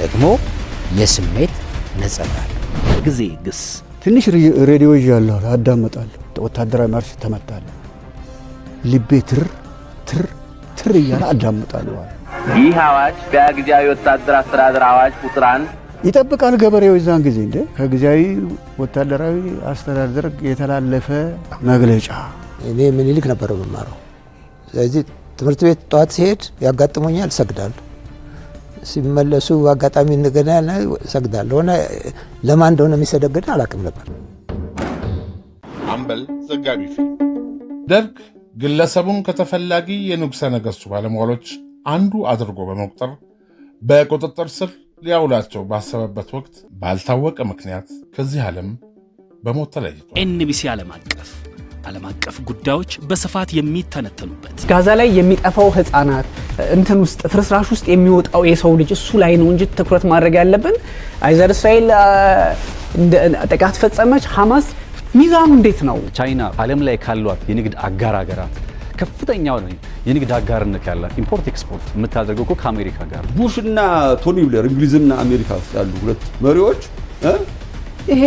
ደግሞ የስሜት ነጸብራቅ ጊዜ ግስ ትንሽ ሬዲዮ ይዣለሁ፣ አዳመጣለሁ። ወታደራዊ ማርሽ ተመታለ። ልቤ ትር ትር ትር እያለ አዳመጣለሁ። ይህ አዋጅ በጊዜያዊ ወታደር አስተዳደር አዋጅ ቁጥራን ይጠብቃል ገበሬው። የዛን ጊዜ እንደ ከጊዜያዊ ወታደራዊ አስተዳደር የተላለፈ መግለጫ እኔ ምኒልክ ነበረ መማረው። ስለዚህ ትምህርት ቤት ጠዋት ሲሄድ ያጋጥሞኛል፣ ሰግዳል ሲመለሱ አጋጣሚ እንገናና ሰግዳለሁ። ሆነ ለማን እንደሆነ የሚሰደግድ አላውቅም ነበር። አምበል ዘጋቢ ደርግ ግለሰቡን ከተፈላጊ የንጉሠ ነገሥቱ ባለሟሎች አንዱ አድርጎ በመቁጠር በቁጥጥር ስር ሊያውላቸው ባሰበበት ወቅት ባልታወቀ ምክንያት ከዚህ ዓለም በሞት ተለይቷል። ኤንቢሲ ዓለም አቀፍ ዓለም አቀፍ ጉዳዮች በስፋት የሚተነተኑበት ጋዛ ላይ የሚጠፋው ህፃናት እንትን ውስጥ ፍርስራሽ ውስጥ የሚወጣው የሰው ልጅ እሱ ላይ ነው እንጂ ትኩረት ማድረግ ያለብን። አይዘር እስራኤል ጥቃት ፈጸመች፣ ሐማስ ሚዛኑ እንዴት ነው? ቻይና ዓለም ላይ ካሏት የንግድ አጋር ሀገራት ከፍተኛ የንግድ አጋርነት ያላት ኢምፖርት ኤክስፖርት የምታደርገው እኮ ከአሜሪካ ጋር። ቡሽ እና ቶኒ ብሌር እንግሊዝና አሜሪካ ውስጥ ያሉ ሁለት መሪዎች ይሄ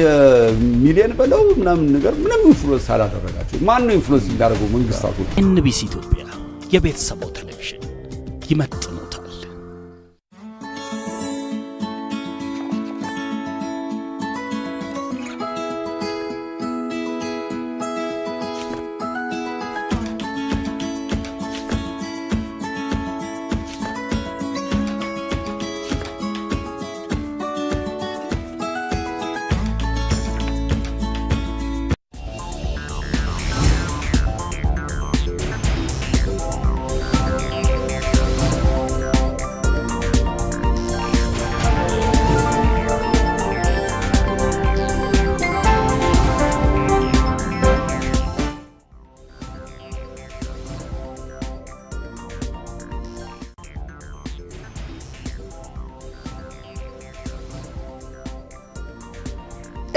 የሚሊየን በለው ምናምን ነገር ምንም ኢንፍሉዌንስ አላደረጋቸው። ማን ነው ኢንፍሉዌንስ እንዳደረገው? መንግስታቱ። ኤንቢሲ ኢትዮጵያ የቤተሰቦ ቴሌቪዥን ይመጥ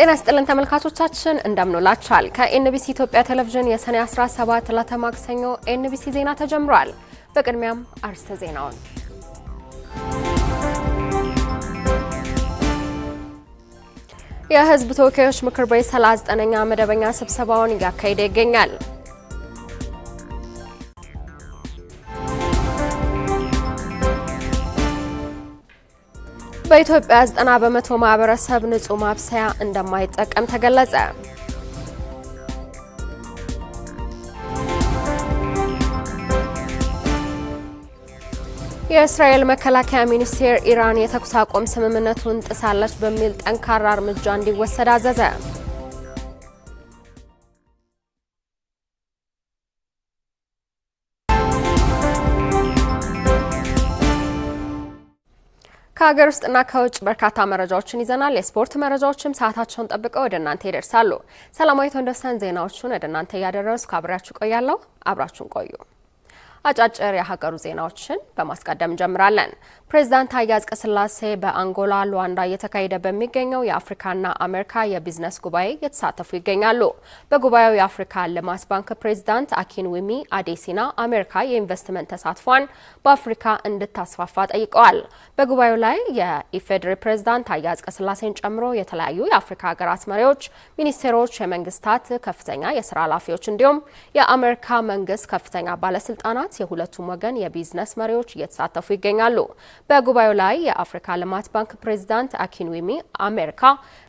ጤና ይስጥልን ተመልካቾቻችን እንደምንላችኋል። ከኤንቢሲ ኢትዮጵያ ቴሌቪዥን የሰኔ 17 ዕለተ ማክሰኞ ኤንቢሲ ዜና ተጀምሯል። በቅድሚያም አርስተ ዜናውን የህዝብ ተወካዮች ምክር ቤት 39ኛ መደበኛ ስብሰባውን እያካሄደ ይገኛል። በኢትዮጵያ 90 በመቶ ማህበረሰብ ንጹህ ማብሰያ እንደማይጠቀም ተገለጸ። የእስራኤል መከላከያ ሚኒስቴር ኢራን የተኩስ አቁም ስምምነቱን ጥሳለች በሚል ጠንካራ እርምጃ እንዲወሰድ አዘዘ። ከሀገር ውስጥና ከውጭ በርካታ መረጃዎችን ይዘናል። የስፖርት መረጃዎችም ሰዓታቸውን ጠብቀው ወደ እናንተ ይደርሳሉ። ሰላማዊት ወንደሰን ዜናዎቹን ወደ እናንተ እያደረስኩ አብሬያችሁ ቆያለሁ። አብራችሁን ቆዩ። አጫጭር የሀገሩ ዜናዎችን በማስቀደም እንጀምራለን። ፕሬዚዳንት ታዬ አጽቀሥላሴ በአንጎላ ሉዋንዳ እየተካሄደ በሚገኘው የአፍሪካና አሜሪካ የቢዝነስ ጉባኤ እየተሳተፉ ይገኛሉ። በጉባኤው የአፍሪካ ልማት ባንክ ፕሬዚዳንት ዊሚ አዴሲና አሜሪካ የኢንቨስትመንት ተሳትፏን በአፍሪካ እንድታስፋፋ ጠይቀዋል። በጉባኤው ላይ የኢፌዴሪ ፕሬዚዳንት ታዬ አጽቀሥላሴን ጨምሮ የተለያዩ የአፍሪካ ሀገራት መሪዎች፣ ሚኒስቴሮች፣ የመንግስታት ከፍተኛ የስራ ኃላፊዎች እንዲሁም የአሜሪካ መንግስት ከፍተኛ ባለስልጣናት ለማስፋፋት የሁለቱም ወገን የቢዝነስ መሪዎች እየተሳተፉ ይገኛሉ። በጉባኤው ላይ የአፍሪካ ልማት ባንክ ፕሬዚዳንት አኪንዊሚ አሜሪካ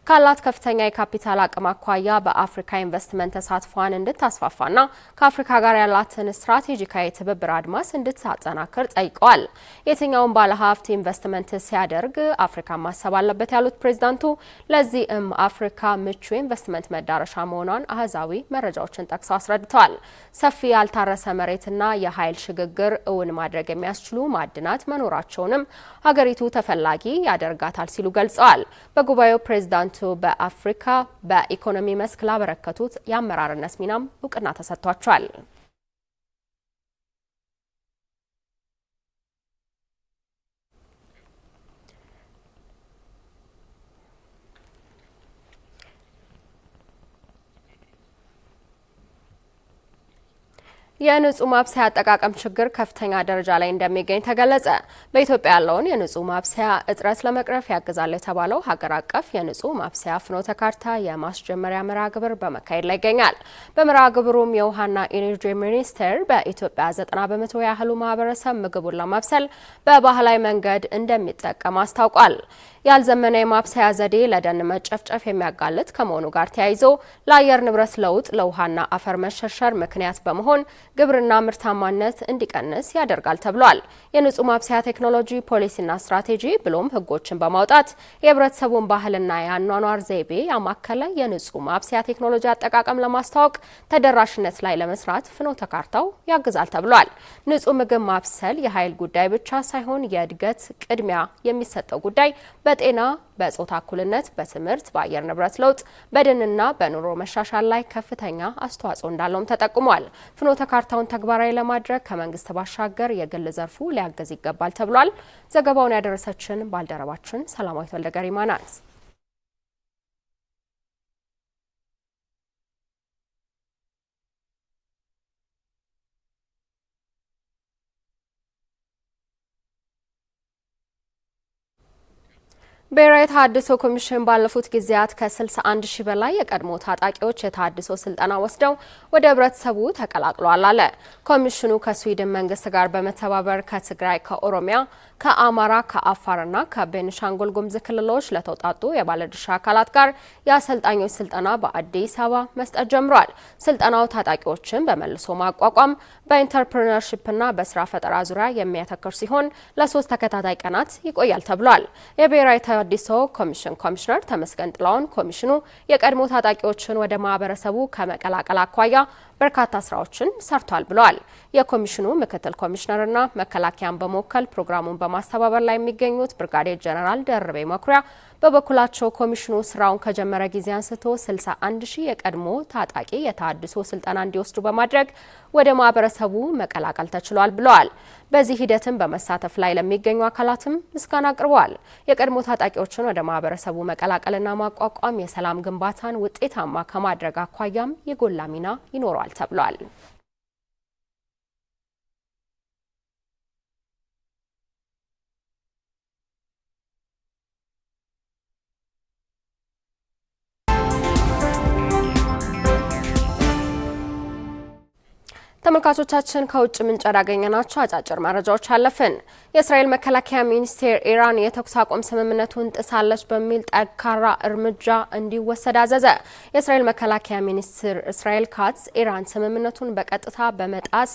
ካላት ከፍተኛ የካፒታል አቅም አኳያ በአፍሪካ ኢንቨስትመንት ተሳትፏን እንድታስፋፋና ከአፍሪካ ጋር ያላትን ስትራቴጂካዊ ትብብር አድማስ እንድታጠናክር ጠይቀዋል። የትኛውን ባለሀብት ኢንቨስትመንት ሲያደርግ አፍሪካ ማሰብ አለበት ያሉት ፕሬዚዳንቱ ለዚህም አፍሪካ ምቹ ኢንቨስትመንት መዳረሻ መሆኗን አህዛዊ መረጃዎችን ጠቅሰው አስረድተዋል። ሰፊ ያልታረሰ መሬትና የኃይል ሽግግር እውን ማድረግ የሚያስችሉ ማዕድናት መኖራቸውንም ሀገሪቱ ተፈላጊ ያደርጋታል ሲሉ ገልጸዋል። በጉባኤው ፕሬዚዳንቱ ፕሬዚዳንቱ በአፍሪካ በኢኮኖሚ መስክ ላበረከቱት የአመራርነት ሚናም እውቅና ተሰጥቷቸዋል። የንጹህ ማብሰያ አጠቃቀም ችግር ከፍተኛ ደረጃ ላይ እንደሚገኝ ተገለጸ። በኢትዮጵያ ያለውን የንጹህ ማብሰያ እጥረት ለመቅረፍ ያግዛል የተባለው ሀገር አቀፍ የንጹህ ማብሰያ ፍኖተ ካርታ የማስጀመሪያ መርሃ ግብር በመካሄድ ላይ ይገኛል። በመርሃ ግብሩም የውሃና ኢነርጂ ሚኒስቴር በኢትዮጵያ ዘጠና በመቶ ያህሉ ማህበረሰብ ምግቡን ለማብሰል በባህላዊ መንገድ እንደሚጠቀም አስታውቋል። ያልዘመነ የማብሰያ ዘዴ ለደን መጨፍጨፍ የሚያጋልጥ ከመሆኑ ጋር ተያይዞ ለአየር ንብረት ለውጥ፣ ለውሃና አፈር መሸርሸር ምክንያት በመሆን ግብርና ምርታማነት እንዲቀንስ ያደርጋል ተብሏል። የንጹህ ማብሰያ ቴክኖሎጂ ፖሊሲና ስትራቴጂ ብሎም ህጎችን በማውጣት የህብረተሰቡን ባህልና የአኗኗር ዘይቤ ያማከለ የንጹህ ማብሰያ ቴክኖሎጂ አጠቃቀም ለማስተዋወቅ ተደራሽነት ላይ ለመስራት ፍኖተ ካርታው ያግዛል ተብሏል። ንጹህ ምግብ ማብሰል የኃይል ጉዳይ ብቻ ሳይሆን የእድገት ቅድሚያ የሚሰጠው ጉዳይ በጤና፣ በጾታ እኩልነት፣ በትምህርት፣ በአየር ንብረት ለውጥ፣ በደንና በኑሮ መሻሻል ላይ ከፍተኛ አስተዋጽኦ እንዳለውም ተጠቁሟል። ፍኖተ ካርታውን ተግባራዊ ለማድረግ ከመንግስት ባሻገር የግል ዘርፉ ሊያገዝ ይገባል ተብሏል። ዘገባውን ያደረሰችን ባልደረባችን ሰላማዊት ወልደገሪማ ናት። ብሔራዊ የተሃድሶ ኮሚሽን ባለፉት ጊዜያት ከ61 ሺህ በላይ የቀድሞ ታጣቂዎች የተሃድሶ ስልጠና ወስደው ወደ ህብረተሰቡ ተቀላቅሏል አለ። ኮሚሽኑ ከስዊድን መንግስት ጋር በመተባበር ከትግራይ፣ ከኦሮሚያ፣ ከአማራ፣ ከአፋርና ከቤኒሻንጉል ጉምዝ ክልሎች ለተውጣጡ የባለድርሻ አካላት ጋር የአሰልጣኞች ስልጠና በአዲስ አበባ መስጠት ጀምሯል። ስልጠናው ታጣቂዎችን በመልሶ ማቋቋም በኢንተርፕርነርሺፕና በስራ ፈጠራ ዙሪያ የሚያተክር ሲሆን ለሶስት ተከታታይ ቀናት ይቆያል ተብሏል። የሀዲሶ ኮሚሽን ኮሚሽነር ተመስገን ጥላሁን ኮሚሽኑ የቀድሞ ታጣቂዎችን ወደ ማህበረሰቡ ከመቀላቀል አኳያ በርካታ ስራዎችን ሰርቷል ብለዋል። የኮሚሽኑ ምክትል ኮሚሽነርና መከላከያን በመወከል ፕሮግራሙን በማስተባበር ላይ የሚገኙት ብርጋዴር ጀነራል ደርቤ መኩሪያ በበኩላቸው ኮሚሽኑ ስራውን ከጀመረ ጊዜ አንስቶ 61 ሺህ የቀድሞ ታጣቂ የተሃድሶ ስልጠና እንዲወስዱ በማድረግ ወደ ማህበረሰቡ መቀላቀል ተችሏል ብለዋል። በዚህ ሂደትም በመሳተፍ ላይ ለሚገኙ አካላትም ምስጋና አቅርበዋል። የቀድሞ ታጣቂዎችን ወደ ማህበረሰቡ መቀላቀልና ማቋቋም የሰላም ግንባታን ውጤታማ ከማድረግ አኳያም የጎላ ሚና ይኖረዋል ተብሏል። ተመልካቾቻችን ከውጭ ምንጮች ያገኘናቸው አጫጭር መረጃዎች አለፍን። የእስራኤል መከላከያ ሚኒስቴር ኢራን የተኩስ አቁም ስምምነቱን ጥሳለች በሚል ጠንካራ እርምጃ እንዲወሰድ አዘዘ። የእስራኤል መከላከያ ሚኒስትር እስራኤል ካትስ ኢራን ስምምነቱን በቀጥታ በመጣስ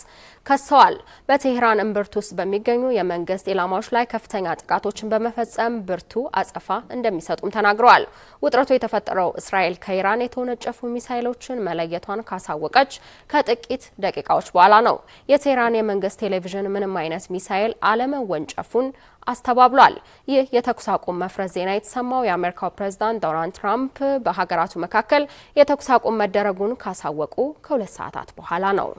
ከሰዋል። በቴህራን እምብርት ውስጥ በሚገኙ የመንግስት ኢላማዎች ላይ ከፍተኛ ጥቃቶችን በመፈጸም ብርቱ አጸፋ እንደሚሰጡም ተናግረዋል። ውጥረቱ የተፈጠረው እስራኤል ከኢራን የተወነጨፉ ሚሳይሎችን መለየቷን ካሳወቀች ከጥቂት ደቂቃ ደቂቃዎች በኋላ ነው። የቴህራን የመንግስት ቴሌቪዥን ምንም አይነት ሚሳኤል አለመወንጨፉን አስተባብሏል። ይህ የተኩስ አቁም መፍረስ ዜና የተሰማው የአሜሪካው ፕሬዝዳንት ዶናልድ ትራምፕ በሀገራቱ መካከል የተኩስ አቁም መደረጉን ካሳወቁ ከሁለት ሰዓታት በኋላ ነው።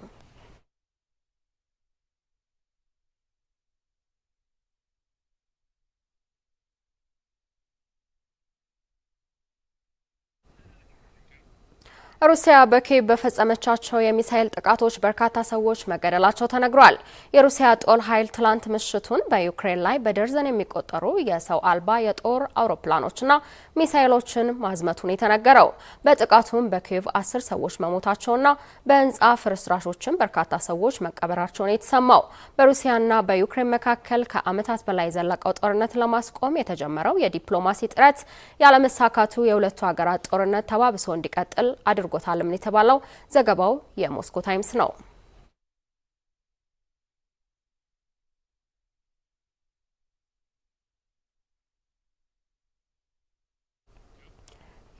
ሩሲያ በኪየቭ በፈጸመቻቸው የሚሳኤል ጥቃቶች በርካታ ሰዎች መገደላቸው ተነግሯል። የሩሲያ ጦር ኃይል ትላንት ምሽቱን በዩክሬን ላይ በደርዘን የሚቆጠሩ የሰው አልባ የጦር አውሮፕላኖችና ሚሳኤሎችን ማዝመቱን የተነገረው። በጥቃቱም በኪየቭ አስር ሰዎች መሞታቸውና በህንፃ ፍርስራሾችም በርካታ ሰዎች መቀበራቸውን የተሰማው በሩሲያና በዩክሬን መካከል ከዓመታት በላይ የዘለቀው ጦርነት ለማስቆም የተጀመረው የዲፕሎማሲ ጥረት ያለመሳካቱ የሁለቱ ሀገራት ጦርነት ተባብሶ እንዲቀጥል አድርጓል። አድርጎታልም የተባለው። ዘገባው የሞስኮ ታይምስ ነው።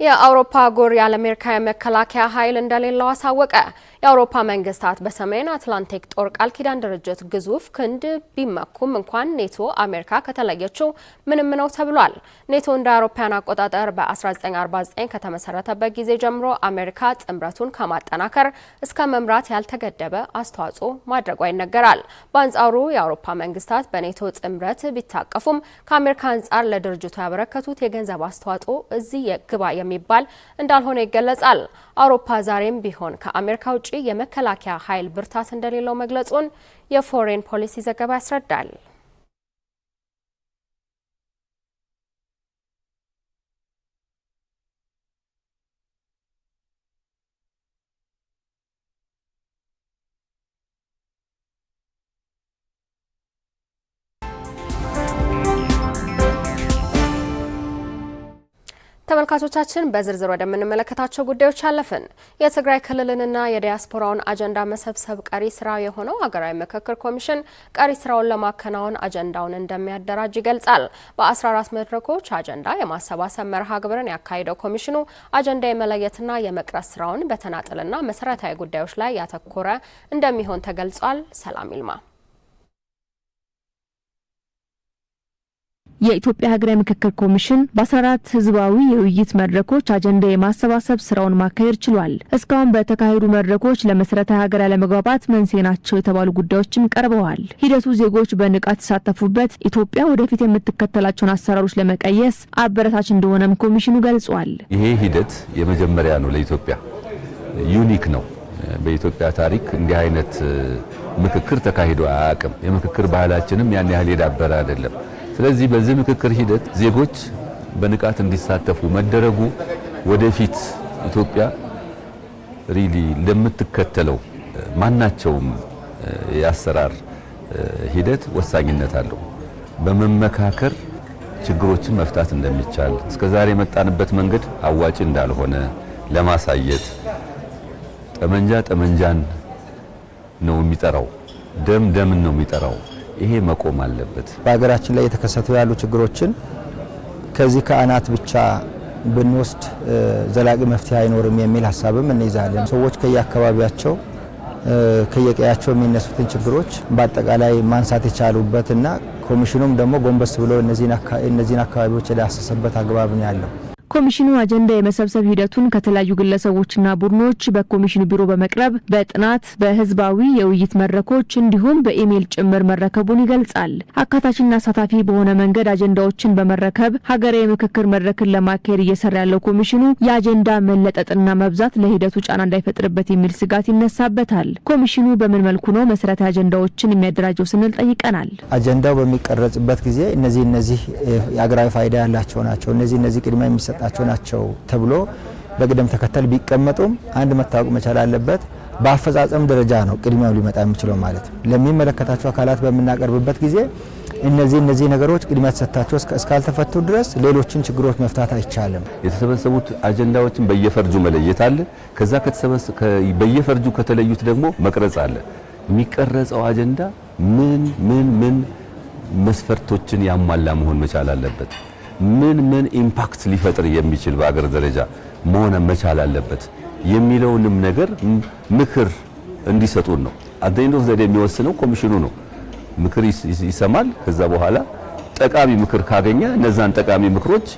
የአውሮፓ ጎር ያለ የመከላከያ ኃይል እንደሌለው አሳወቀ። የአውሮፓ መንግስታት በሰሜን አትላንቲክ ጦር ቃል ኪዳን ድርጅት ግዙፍ ክንድ ቢመኩም እንኳን ኔቶ አሜሪካ ከተለየችው ምንም ነው ተብሏል። ኔቶ እንደ አውሮፓውያን አቆጣጠር በ1949 ከተመሰረተበት ጊዜ ጀምሮ አሜሪካ ጥምረቱን ከማጠናከር እስከ መምራት ያልተገደበ አስተዋጽኦ ማድረጓ ይነገራል። በአንጻሩ የአውሮፓ መንግስታት በኔቶ ጥምረት ቢታቀፉም ከአሜሪካ አንጻር ለድርጅቱ ያበረከቱት የገንዘብ አስተዋጽኦ እዚህ ግባ የሚባል እንዳልሆነ ይገለጻል። አውሮፓ ዛሬም ቢሆን ከአሜሪካ ውጭ የመከላከያ ኃይል ብርታት እንደሌለው መግለጹን የፎሬን ፖሊሲ ዘገባ ያስረዳል። ተመልካቾቻችን በዝርዝር ወደምንመለከታቸው ጉዳዮች አለፍን። የትግራይ ክልልንና የዲያስፖራውን አጀንዳ መሰብሰብ ቀሪ ስራ የሆነው ሀገራዊ ምክክር ኮሚሽን ቀሪ ስራውን ለማከናወን አጀንዳውን እንደሚያደራጅ ይገልጻል። በ14 መድረኮች አጀንዳ የማሰባሰብ መርሃ ግብርን ያካሄደው ኮሚሽኑ አጀንዳ የመለየትና የመቅረስ ስራውን በተናጥልና መሰረታዊ ጉዳዮች ላይ ያተኮረ እንደሚሆን ተገልጿል። ሰላም ይልማ የኢትዮጵያ ሀገራዊ ምክክር ኮሚሽን በ14 ህዝባዊ የውይይት መድረኮች አጀንዳ የማሰባሰብ ስራውን ማካሄድ ችሏል። እስካሁን በተካሄዱ መድረኮች ለመሰረታዊ ሀገር አለመግባባት መንስኤ ናቸው የተባሉ ጉዳዮችም ቀርበዋል። ሂደቱ ዜጎች በንቃት የተሳተፉበት፣ ኢትዮጵያ ወደፊት የምትከተላቸውን አሰራሮች ለመቀየስ አበረታች እንደሆነም ኮሚሽኑ ገልጿል። ይሄ ሂደት የመጀመሪያ ነው፣ ለኢትዮጵያ ዩኒክ ነው። በኢትዮጵያ ታሪክ እንዲህ አይነት ምክክር ተካሂዶ አያውቅም። የምክክር ባህላችንም ያን ያህል የዳበረ አይደለም። ስለዚህ በዚህ ምክክር ሂደት ዜጎች በንቃት እንዲሳተፉ መደረጉ ወደፊት ኢትዮጵያ ሪሊ ለምትከተለው ማናቸውም የአሰራር ሂደት ወሳኝነት አለው። በመመካከር ችግሮችን መፍታት እንደሚቻል እስከዛሬ የመጣንበት መንገድ አዋጭ እንዳልሆነ ለማሳየት ጠመንጃ ጠመንጃን ነው የሚጠራው፣ ደም ደምን ነው የሚጠራው። ይሄ መቆም አለበት። በሀገራችን ላይ የተከሰቱ ያሉ ችግሮችን ከዚህ ከአናት ብቻ ብንወስድ ዘላቂ መፍትሄ አይኖርም የሚል ሀሳብም እንይዛለን። ሰዎች ከየአካባቢያቸው ከየቀያቸው የሚነሱትን ችግሮች በአጠቃላይ ማንሳት የቻሉበት እና ኮሚሽኑም ደግሞ ጎንበስ ብሎ እነዚህን አካባቢዎች የዳሰሰበት አግባብ ነው ያለው። ኮሚሽኑ አጀንዳ የመሰብሰብ ሂደቱን ከተለያዩ ግለሰቦችና ቡድኖች በኮሚሽኑ ቢሮ በመቅረብ በጥናት በህዝባዊ የውይይት መድረኮች እንዲሁም በኢሜይል ጭምር መረከቡን ይገልጻል። አካታችና አሳታፊ በሆነ መንገድ አጀንዳዎችን በመረከብ ሀገራዊ ምክክር መድረክን ለማካሄድ እየሰራ ያለው ኮሚሽኑ የአጀንዳ መለጠጥና መብዛት ለሂደቱ ጫና እንዳይፈጥርበት የሚል ስጋት ይነሳበታል። ኮሚሽኑ በምን መልኩ ነው መሰረታዊ አጀንዳዎችን የሚያደራጀው ስንል ጠይቀናል። አጀንዳው በሚቀረጽበት ጊዜ እነዚህ እነዚህ የሀገራዊ ፋይዳ ያላቸው ናቸው እነዚህ እነዚህ ቅድሚያ የሚሰጥ ያመጣናቸው ናቸው ተብሎ በቅደም ተከተል ቢቀመጡም አንድ መታወቅ መቻል አለበት። በአፈጻጸም ደረጃ ነው ቅድሚያው ሊመጣ የሚችለው ማለት ነው። ለሚመለከታቸው አካላት በምናቀርብበት ጊዜ እነዚህ እነዚህ ነገሮች ቅድሚያ ተሰጥታቸው እስካልተፈቱ ድረስ ሌሎችን ችግሮች መፍታት አይቻልም። የተሰበሰቡት አጀንዳዎችን በየፈርጁ መለየት አለ። ከዛ በየፈርጁ ከተለዩት ደግሞ መቅረጽ አለ። የሚቀረጸው አጀንዳ ምን ምን ምን መስፈርቶችን ያሟላ መሆን መቻል አለበት። ምን ምን ኢምፓክት ሊፈጥር የሚችል በአገር ደረጃ መሆን መቻል አለበት የሚለውንም ነገር ምክር እንዲሰጡን ነው። አንደኛው ነው ዘዴ የሚወስነው ኮሚሽኑ ነው። ምክር ይሰማል። ከዛ በኋላ ጠቃሚ ምክር ካገኘ እነዛን ጠቃሚ ምክሮች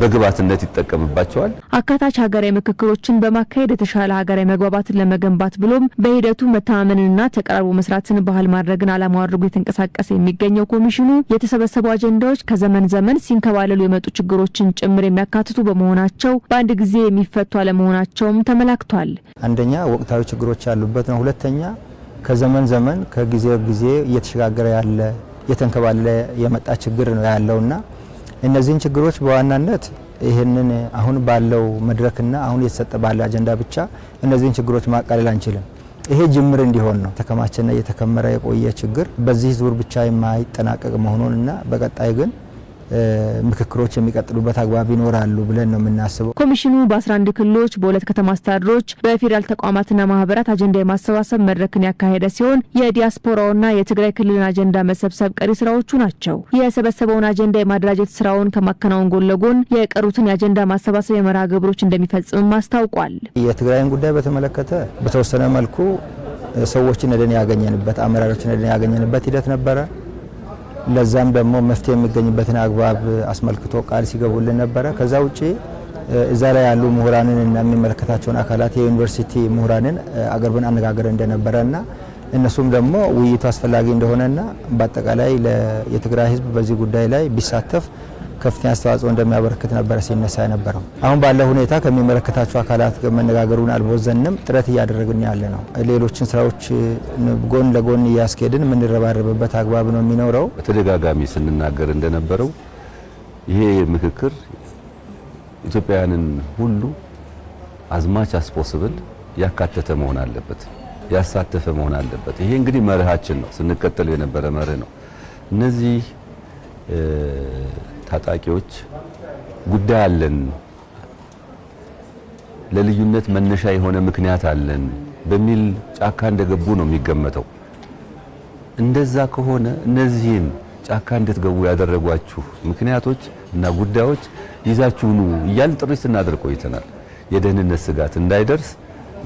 በግብዓትነት ይጠቀምባቸዋል። አካታች ሀገራዊ ምክክሮችን በማካሄድ የተሻለ ሀገራዊ መግባባትን ለመገንባት ብሎም በሂደቱ መተማመንና ተቀራርቦ መስራትን ባህል ማድረግን ዓላማው አድርጎ የተንቀሳቀሰ የሚገኘው ኮሚሽኑ የተሰበሰቡ አጀንዳዎች ከዘመን ዘመን ሲንከባለሉ የመጡ ችግሮችን ጭምር የሚያካትቱ በመሆናቸው በአንድ ጊዜ የሚፈቱ አለመሆናቸውም ተመላክቷል። አንደኛ ወቅታዊ ችግሮች ያሉበት ነው። ሁለተኛ ከዘመን ዘመን ከጊዜ ጊዜ እየተሸጋገረ ያለ የተንከባለለ የመጣ ችግር ነው ያለውና እነዚህን ችግሮች በዋናነት ይህንን አሁን ባለው መድረክና አሁን እየተሰጠ ባለ አጀንዳ ብቻ እነዚህን ችግሮች ማቃለል አንችልም። ይሄ ጅምር እንዲሆን ነው። የተከማቸና እየተከመረ የቆየ ችግር በዚህ ዙር ብቻ የማይጠናቀቅ እና በቀጣይ ግን ምክክሮች የሚቀጥሉበት አግባብ ይኖራሉ ብለን ነው የምናስበው። ኮሚሽኑ በ11 ክልሎች በሁለት ከተማ አስተዳደሮች በፌዴራል ተቋማትና ማህበራት አጀንዳ የማሰባሰብ መድረክን ያካሄደ ሲሆን የዲያስፖራውና የትግራይ ክልልን አጀንዳ መሰብሰብ ቀሪ ስራዎቹ ናቸው። የሰበሰበውን አጀንዳ የማደራጀት ስራውን ከማከናወን ጎን ለጎን የቀሩትን የአጀንዳ ማሰባሰብ የመርሃ ግብሮች እንደሚፈጽምም አስታውቋል። የትግራይን ጉዳይ በተመለከተ በተወሰነ መልኩ ሰዎችን ደን ያገኘንበት አመራሮችን ደን ያገኘንበት ሂደት ነበረ። ለዛም ደግሞ መፍትሄ የሚገኝበትን አግባብ አስመልክቶ ቃል ሲገቡልን ነበረ። ከዛ ውጭ እዛ ላይ ያሉ ምሁራንን እና የሚመለከታቸውን አካላት የዩኒቨርሲቲ ምሁራንን አቅርበን አነጋገር እንደነበረ እና እነሱም ደግሞ ውይይቱ አስፈላጊ እንደሆነና በአጠቃላይ የትግራይ ሕዝብ በዚህ ጉዳይ ላይ ቢሳተፍ ከፍተኛ አስተዋጽኦ እንደሚያበረክት ነበረ ሲነሳ የነበረው። አሁን ባለው ሁኔታ ከሚመለከታቸው አካላት መነጋገሩን አልቦዘንም፣ ጥረት እያደረግን ያለ ነው። ሌሎችን ስራዎች ጎን ለጎን እያስኬድን የምንረባረብበት አግባብ ነው የሚኖረው። በተደጋጋሚ ስንናገር እንደነበረው ይሄ ምክክር ኢትዮጵያውያንን ሁሉ አዝማች አስፖስብል ያካተተ መሆን አለበት፣ ያሳተፈ መሆን አለበት። ይሄ እንግዲህ መርሃችን ነው፣ ስንቀጥል የነበረ መርህ ነው። እነዚህ ታጣቂዎች ጉዳይ አለን፣ ለልዩነት መነሻ የሆነ ምክንያት አለን በሚል ጫካ እንደገቡ ነው የሚገመተው። እንደዛ ከሆነ እነዚህን ጫካ እንድትገቡ ያደረጓችሁ ምክንያቶች እና ጉዳዮች ይዛችሁ ኑ እያልን ጥሪ ስናደርግ ቆይተናል። የደህንነት ስጋት እንዳይደርስ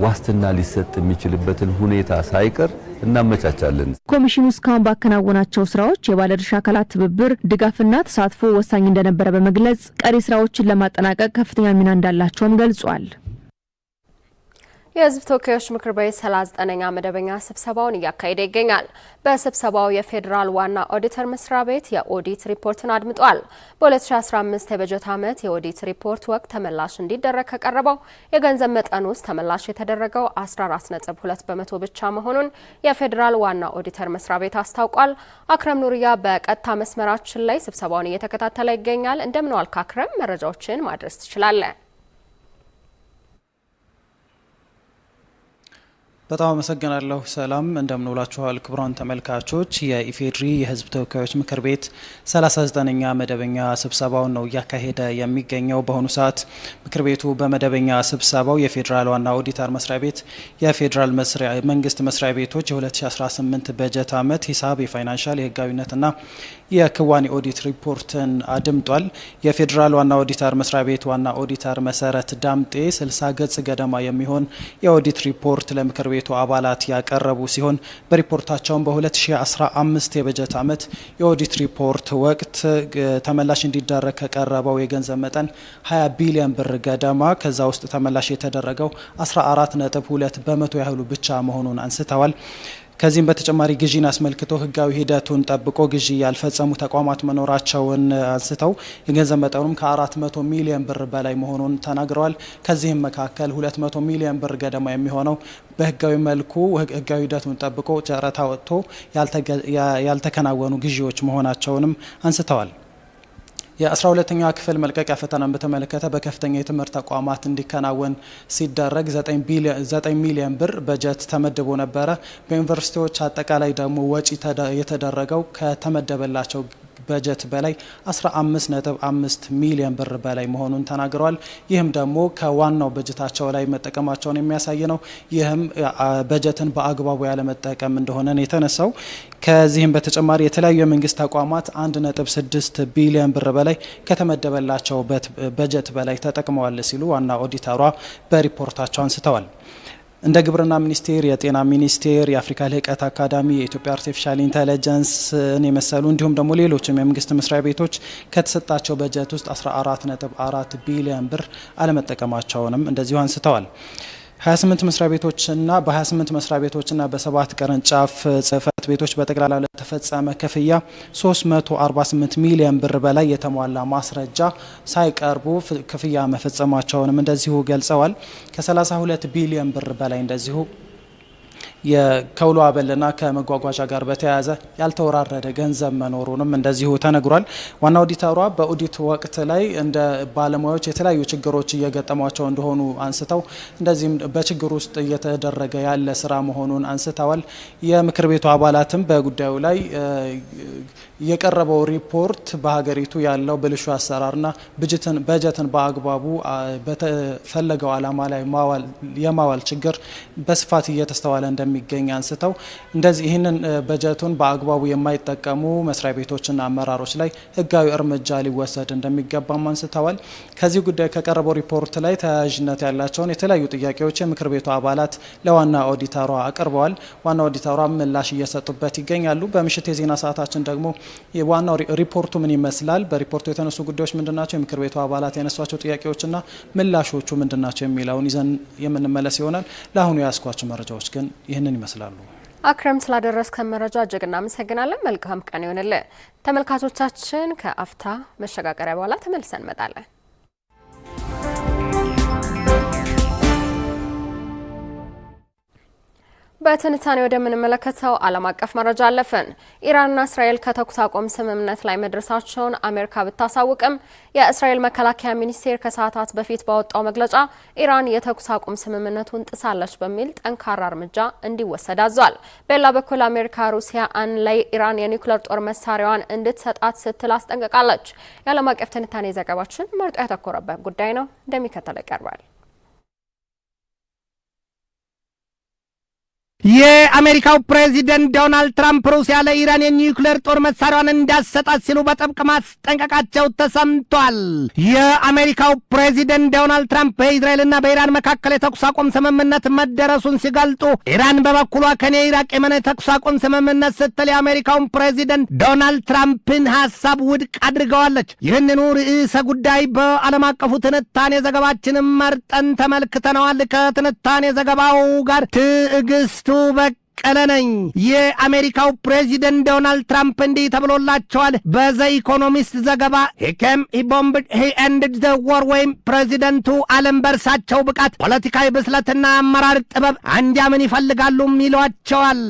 ዋስትና ሊሰጥ የሚችልበትን ሁኔታ ሳይቀር እናመቻቻለን። ኮሚሽኑ እስካሁን ባከናወናቸው ስራዎች የባለድርሻ አካላት ትብብር፣ ድጋፍና ተሳትፎ ወሳኝ እንደነበረ በመግለጽ ቀሪ ስራዎችን ለማጠናቀቅ ከፍተኛ ሚና እንዳላቸውም ገልጿል። የህዝብ ተወካዮች ምክር ቤት 39ኛ መደበኛ ስብሰባውን እያካሄደ ይገኛል። በስብሰባው የፌዴራል ዋና ኦዲተር መስሪያ ቤት የኦዲት ሪፖርትን አድምጧል። በ2015 የበጀት ዓመት የኦዲት ሪፖርት ወቅት ተመላሽ እንዲደረግ ከቀረበው የገንዘብ መጠን ውስጥ ተመላሽ የተደረገው 14.2 በመቶ ብቻ መሆኑን የፌዴራል ዋና ኦዲተር መስሪያ ቤት አስታውቋል። አክረም ኑርያ በቀጥታ መስመራችን ላይ ስብሰባውን እየተከታተለ ይገኛል። እንደምን ዋልክ አክረም? መረጃዎችን ማድረስ ትችላለህ? በጣም አመሰግናለሁ። ሰላም እንደምንውላችኋል ክቡራን ተመልካቾች። የኢፌድሪ የህዝብ ተወካዮች ምክር ቤት 39ኛ መደበኛ ስብሰባውን ነው እያካሄደ የሚገኘው። በአሁኑ ሰዓት ምክር ቤቱ በመደበኛ ስብሰባው የፌዴራል ዋና ኦዲተር መስሪያ ቤት፣ የፌዴራል መንግስት መስሪያ ቤቶች የ2018 በጀት ዓመት ሂሳብ፣ የፋይናንሻል የህጋዊነትና የክዋኔ ኦዲት ሪፖርትን አድምጧል። የፌዴራል ዋና ኦዲተር መስሪያ ቤት ዋና ኦዲተር መሰረት ዳምጤ 60 ገጽ ገደማ የሚሆን የኦዲት ሪፖርት ለምክር ቤቱ ቤቱ አባላት ያቀረቡ ሲሆን በሪፖርታቸውም በ2015 የበጀት ዓመት የኦዲት ሪፖርት ወቅት ተመላሽ እንዲደረግ ከቀረበው የገንዘብ መጠን 20 ቢሊዮን ብር ገደማ ከዛ ውስጥ ተመላሽ የተደረገው 14.2 በመቶ ያህሉ ብቻ መሆኑን አንስተዋል። ከዚህም በተጨማሪ ግዢን አስመልክቶ ህጋዊ ሂደቱን ጠብቆ ግዢ ያልፈጸሙ ተቋማት መኖራቸውን አንስተው የገንዘብ መጠኑም ከ400 ሚሊዮን ብር በላይ መሆኑን ተናግረዋል። ከዚህም መካከል 200 ሚሊዮን ብር ገደማ የሚሆነው በህጋዊ መልኩ ህጋዊ ሂደቱን ጠብቆ ጨረታ ወጥቶ ያልተከናወኑ ግዢዎች መሆናቸውንም አንስተዋል። የ 12 ክፍል መልቀቂያ ፈተናን በተመለከተ በከፍተኛ የትምህርት ተቋማት እንዲከናወን ሲደረግ 9 ሚሊዮን ብር በጀት ተመድቦ ነበረ። በዩኒቨርሲቲዎች አጠቃላይ ደግሞ ወጪ የተደረገው ከተመደበላቸው በጀት በላይ 15.5 ሚሊዮን ብር በላይ መሆኑን ተናግረዋል። ይህም ደግሞ ከዋናው በጀታቸው ላይ መጠቀማቸውን የሚያሳይ ነው። ይህም በጀትን በአግባቡ ያለመጠቀም እንደሆነ የተነሳው። ከዚህም በተጨማሪ የተለያዩ የመንግስት ተቋማት 1.6 ቢሊዮን ብር በላይ ከተመደበላቸው በጀት በላይ ተጠቅመዋል ሲሉ ዋና ኦዲተሯ በሪፖርታቸው አንስተዋል። እንደ ግብርና ሚኒስቴር፣ የጤና ሚኒስቴር፣ የአፍሪካ ልህቀት አካዳሚ፣ የኢትዮጵያ አርቲፊሻል ኢንቴሊጀንስን የመሰሉ እንዲሁም ደግሞ ሌሎችም የመንግስት መስሪያ ቤቶች ከተሰጣቸው በጀት ውስጥ 14.4 ቢሊዮን ብር አለመጠቀማቸውንም እንደዚሁ አንስተዋል። 28 መስሪያ ቤቶችና በ28 መስሪያ ቤቶችና በሰባት ቅርንጫፍ ጽህፈት ቤቶች በጠቅላላ ለተፈጸመ ክፍያ 348 ሚሊዮን ብር በላይ የተሟላ ማስረጃ ሳይቀርቡ ክፍያ መፈጸማቸውንም እንደዚሁ ገልጸዋል። ከ32 ቢሊዮን ብር በላይ እንደዚሁ ከውሎ አበልና ከመጓጓዣ ጋር በተያያዘ ያልተወራረደ ገንዘብ መኖሩንም እንደዚሁ ተነግሯል። ዋና ኦዲተሯ በኦዲት ወቅት ላይ እንደ ባለሙያዎች የተለያዩ ችግሮች እየገጠሟቸው እንደሆኑ አንስተው እንደዚህም በችግር ውስጥ እየተደረገ ያለ ስራ መሆኑን አንስተዋል። የምክር ቤቱ አባላትም በጉዳዩ ላይ የቀረበው ሪፖርት በሀገሪቱ ያለው ብልሹ አሰራርና በጀትን በአግባቡ በተፈለገው ዓላማ ላይ የማዋል ችግር በስፋት እየተስተዋለ እንደሚ እንደሚገኝ አንስተው እንደዚህ ይህንን በጀቱን በአግባቡ የማይጠቀሙ መስሪያ ቤቶችና አመራሮች ላይ ህጋዊ እርምጃ ሊወሰድ እንደሚገባም አንስተዋል። ከዚህ ጉዳይ ከቀረበው ሪፖርት ላይ ተያያዥነት ያላቸውን የተለያዩ ጥያቄዎች የምክር ቤቱ አባላት ለዋና ኦዲተሯ አቅርበዋል። ዋና ኦዲተሯ ምላሽ እየሰጡበት ይገኛሉ። በምሽት የዜና ሰዓታችን ደግሞ ዋናው ሪፖርቱ ምን ይመስላል፣ በሪፖርቱ የተነሱ ጉዳዮች ምንድናቸው፣ የምክር ቤቱ አባላት ያነሷቸው ጥያቄዎችና ምላሾቹ ምንድናቸው የሚለውን ይዘን የምንመለስ ይሆናል። ለአሁኑ የያስኳቸው መረጃዎች ግን ይህንን ይመስላሉ። አክረም ስላደረስከን መረጃ እጅግ እናመሰግናለን። መልካም ቀን ይሆንልን። ተመልካቾቻችን ከአፍታ መሸጋገሪያ በኋላ ተመልሰን እንመጣለን። በትንታኔ ወደምንመለከተው ዓለም አቀፍ መረጃ አለፍን። ኢራንና እስራኤል ከተኩስ አቁም ስምምነት ላይ መድረሳቸውን አሜሪካ ብታሳውቅም የእስራኤል መከላከያ ሚኒስቴር ከሰዓታት በፊት ባወጣው መግለጫ ኢራን የተኩስ አቁም ስምምነቱን ጥሳለች በሚል ጠንካራ እርምጃ እንዲወሰድ አዟል። በሌላ በኩል አሜሪካ ሩሲያ አን ላይ ኢራን የኒውክሌር ጦር መሳሪያዋን እንድትሰጣት ስትል አስጠንቅቃለች። የዓለም አቀፍ ትንታኔ ዘገባችን መርጦ ያተኮረበት ጉዳይ ነው፣ እንደሚከተለው ይቀርባል። የአሜሪካው ፕሬዚደንት ዶናልድ ትራምፕ ሩሲያ ለኢራን የኒውክሌር ጦር መሳሪያዋን እንዳሰጣት ሲሉ በጥብቅ ማስጠንቀቃቸው ተሰምቷል። የአሜሪካው ፕሬዚደንት ዶናልድ ትራምፕ በእስራኤልና በኢራን መካከል የተኩስ አቁም ስምምነት መደረሱን ሲገልጡ፣ ኢራን በበኩሏ ከኔ ኢራቅ የመነ የተኩስ አቁም ስምምነት ስትል የአሜሪካውን ፕሬዚደንት ዶናልድ ትራምፕን ሀሳብ ውድቅ አድርገዋለች። ይህንኑ ርዕሰ ጉዳይ በዓለም አቀፉ ትንታኔ ዘገባችንም መርጠን ተመልክተነዋል። ከትንታኔ ዘገባው ጋር ትዕግስት Chu Bạch በቀለ ነኝ። የአሜሪካው ፕሬዚደንት ዶናልድ ትራምፕ እንዲህ ተብሎላቸዋል። በዘ ኢኮኖሚስት ዘገባ ሂኬም ኢቦምብድ ሂኤንድድ ዘ ወር ወይም ፕሬዚደንቱ ዓለም በእርሳቸው ብቃት፣ ፖለቲካዊ ብስለትና አመራር ጥበብ አንጃ ምን ይፈልጋሉም ይሏቸዋል።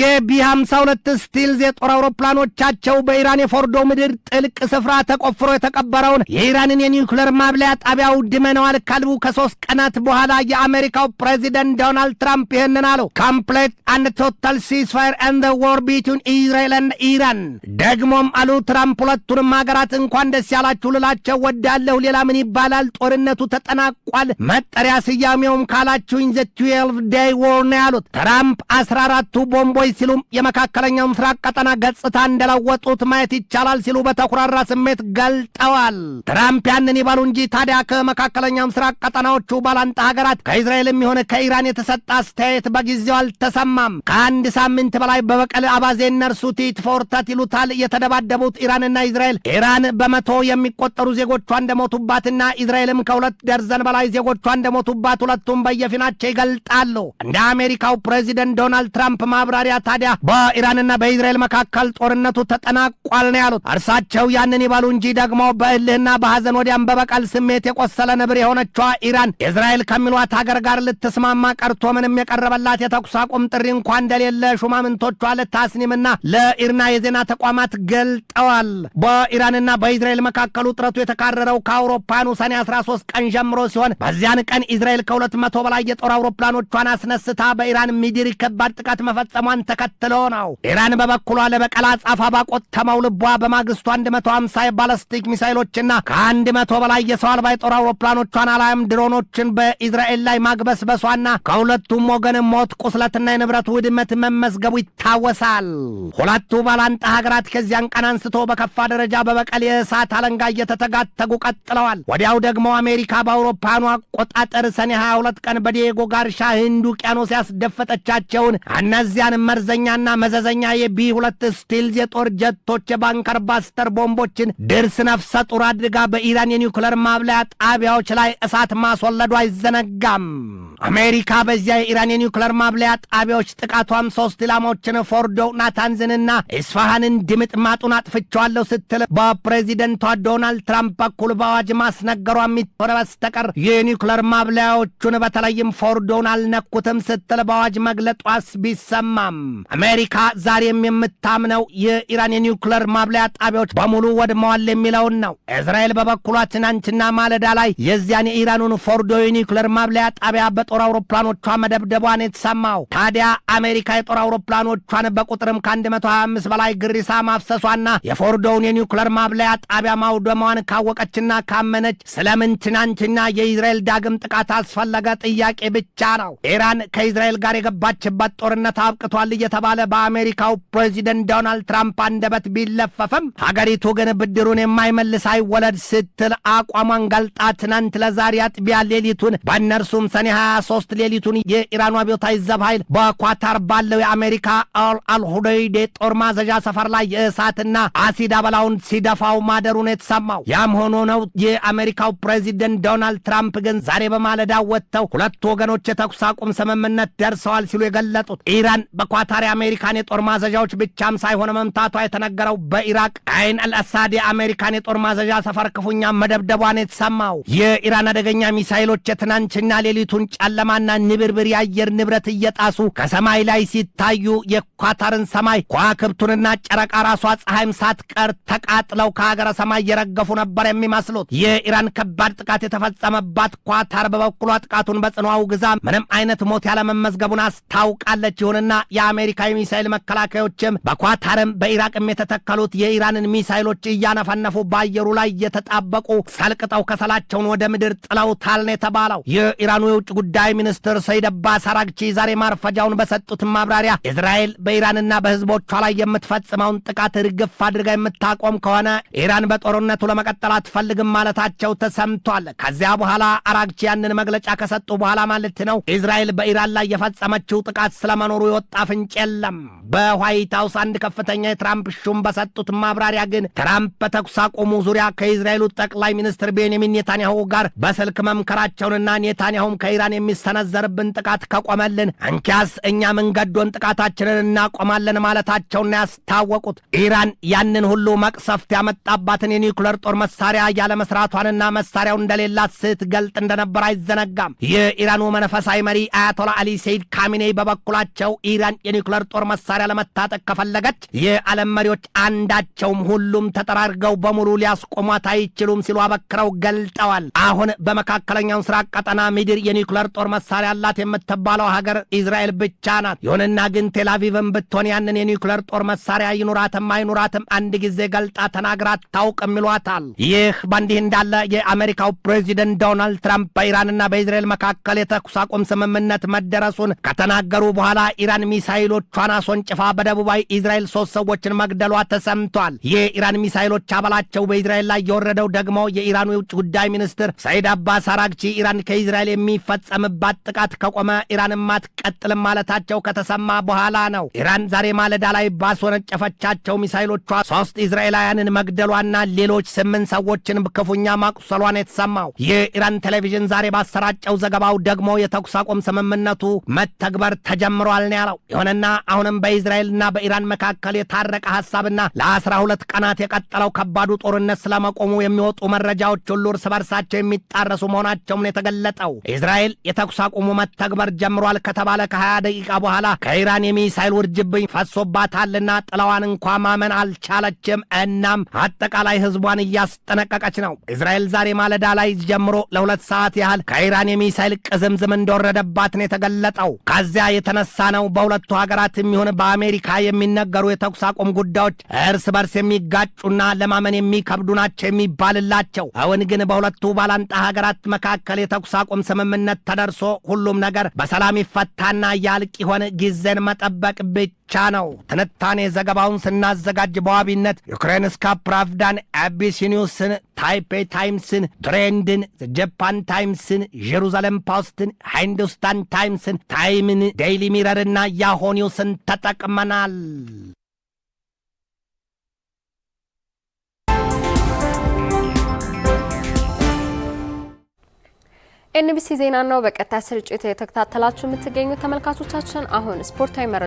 የቢ 52 ስቲልዝ የጦር አውሮፕላኖቻቸው በኢራን የፎርዶ ምድር ጥልቅ ስፍራ ተቆፍሮ የተቀበረውን የኢራንን የኒውክሌር ማብለያ ጣቢያው ድመነዋል ካልቡ ከሶስት ቀናት በኋላ የአሜሪካው ፕሬዚደንት ዶናልድ ትራምፕ ይህንን አለው። ካምፕሌት አንድ ቶታል ሲስፋየር ኤንድ ዎር ቢትዊን ኢዝራኤል ኤንድ ኢራን። ደግሞም አሉ ትራምፕ ሁለቱንም ሀገራት እንኳን ደስ ያላችሁ ልላቸው ወዳለሁ። ሌላ ምን ይባላል? ጦርነቱ ተጠናቋል። መጠሪያ ስያሜውም ካላችሁኝ ዘ ትዌልቭ ዴይ ዎር ነው ያሉት ትራምፕ። አስራ አራቱ ቦምቦች ሲሉም የመካከለኛው ምስራቅ ቀጠና ገጽታ እንደለወጡት ማየት ይቻላል ሲሉ በተኩራራ ስሜት ገልጠዋል። ትራምፕ ያንን ይበሉ እንጂ ታዲያ ከመካከለኛው ምስራቅ ቀጠናዎቹ ባላንጣ ሀገራት ከእስራኤልም የሆነ ከኢራን የተሰጠ አስተያየት በጊዜው አልተሰማ አልሰማም። ከአንድ ሳምንት በላይ በበቀል አባዜ እነርሱ ቲት ፎርተት ይሉታል የተደባደቡት ኢራንና እስራኤል ኢራን በመቶ የሚቆጠሩ ዜጎቿ እንደሞቱባትና እስራኤልም ከሁለት ደርዘን በላይ ዜጎቿ እንደሞቱባት ሁለቱም በየፊናቸው ይገልጣሉ። እንደ አሜሪካው ፕሬዚደንት ዶናልድ ትራምፕ ማብራሪያ ታዲያ በኢራንና በእስራኤል መካከል ጦርነቱ ተጠናቋል ነው ያሉት። እርሳቸው ያንን ይበሉ እንጂ ደግሞ በእልህና በሐዘን ወዲያም በበቀል ስሜት የቆሰለ ነብር የሆነችዋ ኢራን እስራኤል ከሚሏት ሀገር ጋር ልትስማማ ቀርቶ ምንም የቀረበላት የተኩስ አቁም ጥሪ ጥሪ እንኳ እንደሌለ ሹማምንቶቿ ለታስኒምና ለኢርና የዜና ተቋማት ገልጠዋል። በኢራንና በኢዝራኤል መካከል ውጥረቱ የተካረረው ከአውሮፓኑ ሰኔ 13 ቀን ጀምሮ ሲሆን በዚያን ቀን ኢዝራኤል ከሁለት መቶ በላይ የጦር አውሮፕላኖቿን አስነስታ በኢራን ሚድር ከባድ ጥቃት መፈጸሟን ተከትሎ ነው። ኢራን በበኩሏ ለበቀል አጻፋ ባቆተመው ልቧ በማግስቱ 150 የባለስቲክ ሚሳይሎችና ከ100 በላይ የሰው አልባ የጦር አውሮፕላኖቿን አላያም ድሮኖችን በኢዝራኤል ላይ ማግበስበሷና ከሁለቱም ወገን ሞት ቁስለትና የንብረ ንብረት ውድመት መመዝገቡ ይታወሳል። ሁለቱ ባላንጣ ሀገራት ከዚያን ቀን አንስቶ በከፋ ደረጃ በበቀል የእሳት አለንጋ እየተተጋተጉ ቀጥለዋል። ወዲያው ደግሞ አሜሪካ በአውሮፓኑ አቆጣጠር ሰኔ 22 ቀን በዲየጎ ጋርሻ ህንድ ውቅያኖስ ያስደፈጠቻቸውን እነዚያን መርዘኛና መዘዘኛ የቢ ሁለት ስቲልዝ የጦር ጀቶች የባንከር ባስተር ቦምቦችን ድርስ ነፍሰ ጡር አድርጋ በኢራን የኒውክለር ማብለያ ጣቢያዎች ላይ እሳት ማስወለዱ አይዘነጋም። አሜሪካ በዚያ የኢራን የኒውክለር ማብለያ ጣቢያዎች ሌሎች ጥቃቷም ሶስት ኢላማዎችን ፎርዶ፣ ናታንዝንና ኢስፋሃንን ድምጥማጡን አጥፍቸዋለሁ ስትል በፕሬዚደንቷ ዶናልድ ትራምፕ በኩል በአዋጅ ማስነገሯ የሚትሆነ በስተቀር የኒውክለር ማብለያዎቹን በተለይም ፎርዶን አልነኩትም ስትል በአዋጅ መግለጧስ ቢሰማም አሜሪካ ዛሬም የምታምነው የኢራን የኒውክለር ማብለያ ጣቢያዎች በሙሉ ወድመዋል የሚለውን ነው። እስራኤል በበኩሏ ትናንትና ማለዳ ላይ የዚያን የኢራኑን ፎርዶ የኒውክለር ማብለያ ጣቢያ በጦር አውሮፕላኖቿ መደብደቧን የተሰማው ታዲያ አሜሪካ የጦር አውሮፕላኖቿን በቁጥርም ከ125 በላይ ግሪሳ ማፍሰሷና የፎርዶውን የኒውክለር ማብለያ ጣቢያ ማውደሟን ካወቀችና ካመነች ስለምን ትናንትና የኢዝራኤል ዳግም ጥቃት አስፈለገ? ጥያቄ ብቻ ነው። ኢራን ከኢዝራኤል ጋር የገባችበት ጦርነት አብቅቷል እየተባለ በአሜሪካው ፕሬዚደንት ዶናልድ ትራምፕ አንደበት ቢለፈፍም ሀገሪቱ ግን ብድሩን የማይመልስ አይወለድ ስትል አቋሟን ገልጣ ትናንት ለዛሬ አጥቢያ ሌሊቱን በእነርሱም ሰኔ 23 ሌሊቱን የኢራኑ አብዮታዊ ዘብ ኃይል በኳ ኳታር ባለው የአሜሪካ አል አልሁደይድ የጦር ማዘዣ ሰፈር ላይ የእሳትና አሲድ አበላውን ሲደፋው ማደሩን የተሰማው። ያም ሆኖ ነው የአሜሪካው ፕሬዚደንት ዶናልድ ትራምፕ ግን ዛሬ በማለዳ ወጥተው ሁለቱ ወገኖች የተኩስ አቁም ስምምነት ደርሰዋል ሲሉ የገለጡት። ኢራን በኳታር የአሜሪካን የጦር ማዘዣዎች ብቻም ሳይሆን መምታቷ የተነገረው በኢራቅ አይን አልአሳድ የአሜሪካን የጦር ማዘዣ ሰፈር ክፉኛ መደብደቧን የተሰማው። የኢራን አደገኛ ሚሳይሎች የትናንችና ሌሊቱን ጨለማና ንብርብር የአየር ንብረት እየጣሱ በሰማይ ላይ ሲታዩ የኳታርን ሰማይ ከዋክብቱንና ጨረቃ ራሷ ፀሐይም ሳትቀር ተቃጥለው ከሀገረ ሰማይ የረገፉ ነበር የሚመስሉት። የኢራን ከባድ ጥቃት የተፈጸመባት ኳታር በበኩሏ ጥቃቱን በጽኑ አውግዛ ምንም አይነት ሞት ያለመመዝገቡን አስታውቃለች። ይሁንና የአሜሪካ የሚሳይል መከላከያዎችም በኳታርም በኢራቅም የተተከሉት የኢራንን ሚሳይሎች እያነፈነፉ በአየሩ ላይ የተጣበቁ ሰልቅጠው ከሰላቸውን ወደ ምድር ጥለውታል ነው የተባለው። የኢራኑ የውጭ ጉዳይ ሚኒስትር ሰይድ አባስ አራግቺ ዛሬ ማርፈጃውን በሰጡት ማብራሪያ እስራኤል በኢራንና በህዝቦቿ ላይ የምትፈጽመውን ጥቃት ርግፍ አድርጋ የምታቆም ከሆነ ኢራን በጦርነቱ ለመቀጠል አትፈልግም ማለታቸው ተሰምቷል። ከዚያ በኋላ አራግቺ ያንን መግለጫ ከሰጡ በኋላ ማለት ነው እስራኤል በኢራን ላይ የፈጸመችው ጥቃት ስለመኖሩ የወጣ ፍንጭ የለም። በዋይት ሀውስ አንድ ከፍተኛ የትራምፕ ሹም በሰጡት ማብራሪያ ግን ትራምፕ በተኩስ አቁሙ ዙሪያ ከኢዝራኤሉ ጠቅላይ ሚኒስትር ቤንያሚን ኔታንያሁ ጋር በስልክ መምከራቸውንና ኔታንያሁም ከኢራን የሚሰነዘርብን ጥቃት ከቆመልን እንኪያስ እኛ መንገዶን ጥቃታችንን እናቆማለን ማለታቸውና ያስታወቁት ኢራን ያንን ሁሉ መቅሰፍት ያመጣባትን የኒውክለር ጦር መሳሪያ ያለመስራቷንና መሳሪያው እንደሌላት ስትገልጥ እንደነበር አይዘነጋም። የኢራኑ መንፈሳዊ መሪ አያቶላ አሊ ሰይድ ካሚኔ በበኩላቸው ኢራን የኒውክለር ጦር መሳሪያ ለመታጠቅ ከፈለገች የዓለም መሪዎች አንዳቸውም ሁሉም ተጠራርገው በሙሉ ሊያስቆሟት አይችሉም ሲሉ አበክረው ገልጠዋል። አሁን በመካከለኛው ምስራቅ ቀጠና ምድር የኒውክለር ጦር መሳሪያ አላት የምትባለው ሀገር ኢዝራኤል ብቻ ብቻ ናት። ይሁንና ግን ቴላቪቭን ብትሆን ያንን የኒውክለር ጦር መሳሪያ ይኑራትም አይኑራትም አንድ ጊዜ ገልጣ ተናግራ አታውቅም ይሏታል። ይህ በእንዲህ እንዳለ የአሜሪካው ፕሬዚደንት ዶናልድ ትራምፕ በኢራንና በእስራኤል መካከል የተኩስ አቁም ስምምነት መደረሱን ከተናገሩ በኋላ ኢራን ሚሳይሎቿን አስወንጭፋ በደቡባዊ እስራኤል ሶስት ሰዎችን መግደሏ ተሰምቷል። የኢራን ሚሳይሎች አባላቸው በእስራኤል ላይ የወረደው ደግሞ የኢራኑ የውጭ ጉዳይ ሚኒስትር ሰይድ አባስ አራግቺ ኢራን ከእስራኤል የሚፈጸምባት ጥቃት ከቆመ ኢራንም አትቀጥልም ማለት መመታታቸው ከተሰማ በኋላ ነው። ኢራን ዛሬ ማለዳ ላይ ባስወነጨፈቻቸው ሚሳይሎቿ ሶስት እስራኤላውያንን መግደሏና ሌሎች ስምንት ሰዎችን ክፉኛ ማቁሰሏን የተሰማው የኢራን ቴሌቪዥን ዛሬ ባሰራጨው ዘገባው ደግሞ የተኩስ አቁም ስምምነቱ መተግበር ተጀምሯል ነው ያለው። ይሁንና አሁንም በእስራኤልና በኢራን መካከል የታረቀ ሀሳብና ለአስራ ሁለት ቀናት የቀጠለው ከባዱ ጦርነት ስለመቆሙ የሚወጡ መረጃዎች ሁሉ እርስ በርሳቸው የሚጣረሱ መሆናቸውም የተገለጠው። እስራኤል የተኩስ አቁሙ መተግበር ጀምሯል ከተባለ ከ ደቂቃ በኋላ ከኢራን የሚሳይል ውርጅብኝ ፈሶባታልና ጥላዋን እንኳ ማመን አልቻለችም። እናም አጠቃላይ ህዝቧን እያስጠነቀቀች ነው። እስራኤል ዛሬ ማለዳ ላይ ጀምሮ ለሁለት ሰዓት ያህል ከኢራን የሚሳይል ቅዝምዝም እንደወረደባት ነው የተገለጠው። ከዚያ የተነሳ ነው በሁለቱ ሀገራት የሚሆን በአሜሪካ የሚነገሩ የተኩስ አቁም ጉዳዮች እርስ በርስ የሚጋጩና ለማመን የሚከብዱ ናቸው የሚባልላቸው። አሁን ግን በሁለቱ ባላንጣ ሀገራት መካከል የተኩስ አቁም ስምምነት ተደርሶ ሁሉም ነገር በሰላም ይፈታና ያል ጥልቅ የሆነ ጊዜን መጠበቅ ብቻ ነው። ትንታኔ ዘገባውን ስናዘጋጅ በዋቢነት ዩክሬንስካ ፕራቭዳን፣ ኤቢሲ ኒውስን፣ ታይፔ ታይምስን፣ ትሬንድን፣ ዘጀፓን ታይምስን፣ ጀሩዛሌም ፖስትን፣ ሃንዱስታን ታይምስን፣ ታይምን፣ ዴይሊ ሚረርና ያሆ ኒውስን ተጠቅመናል። ኤንቢሲ ዜና ነው በቀጥታ ስርጭት የተከታተላችሁ የምትገኙ ተመልካቾቻችን። አሁን ስፖርታዊ መረ